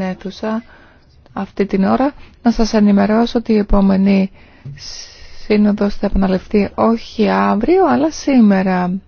αίθουσα αυτή την ώρα. Να σας ενημερώσω ότι η επόμενη σύνοδος θα επαναληφθεί όχι αύριο αλλά σήμερα.